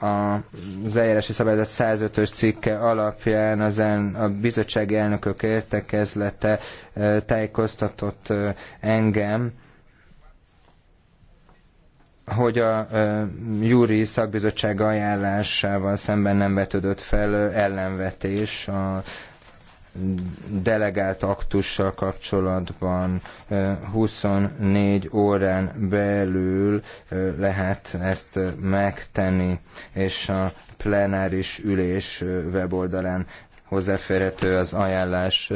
az eljárási szabályzat 105-ös cikke alapján az el, a bizottsági elnökök értekezlete tájékoztatott engem, hogy a júri szakbizottság ajánlásával szemben nem vetődött fel ellenvetés a delegált aktussal kapcsolatban 24 órán belül lehet ezt megtenni, és a plenáris ülés weboldalán hozzáférhető az ajánlás